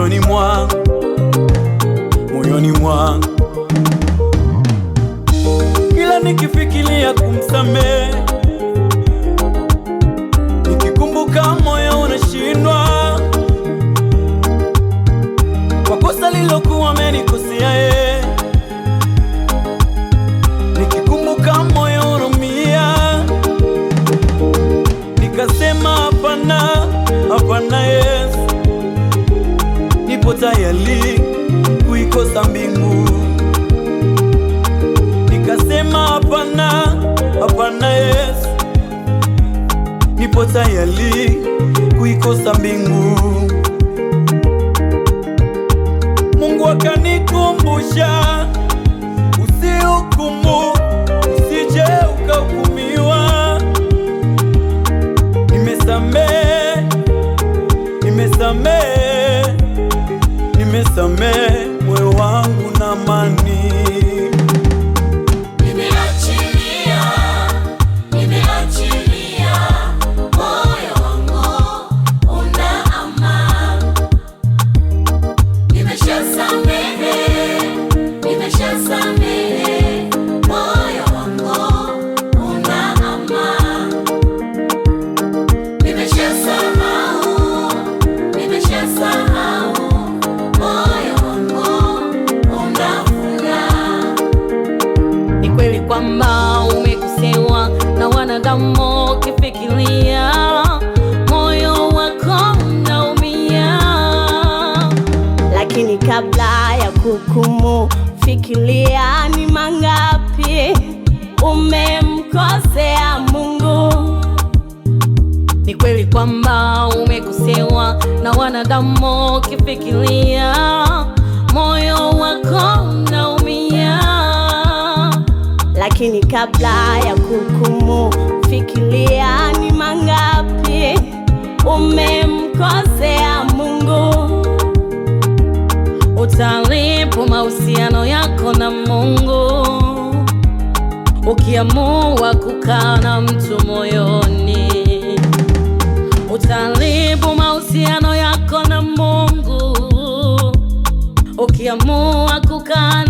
moyoni mwa moyoni mwa kila nikifikiria kumsamehe akili kuikosa mbingu. Nikasema hapana, hapana Yesu, nipo tayari kuikosa mbingu. Mungu akanikumbusha, usihukumu usije ukahukumiwa. Nimesamehe kwamba umekosewa na wanadamu, ukifikiria moyo wako unaumia, lakini kabla ya kuhukumu, fikiria ni mangapi umemkosea Mungu. Ni kweli kwamba umekosewa na wanadamu, ukifikiria moyo wako lakini kabla ya kuhukumu fikiria ni mangapi umemkosea Mungu. Utaharibu mahusiano yako na Mungu ukiamua kukaa na mtu moyoni. Utaharibu mahusiano yako na Mungu ukiamua kukaa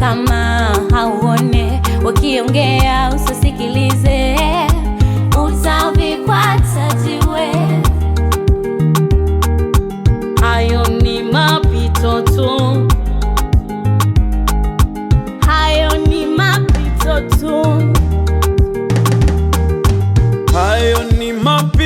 kama hauone wakiongea usisikilize, utavikwata jiwe. Hayo ni mapito tu, hayo ni mapito tu, hayo ni mapito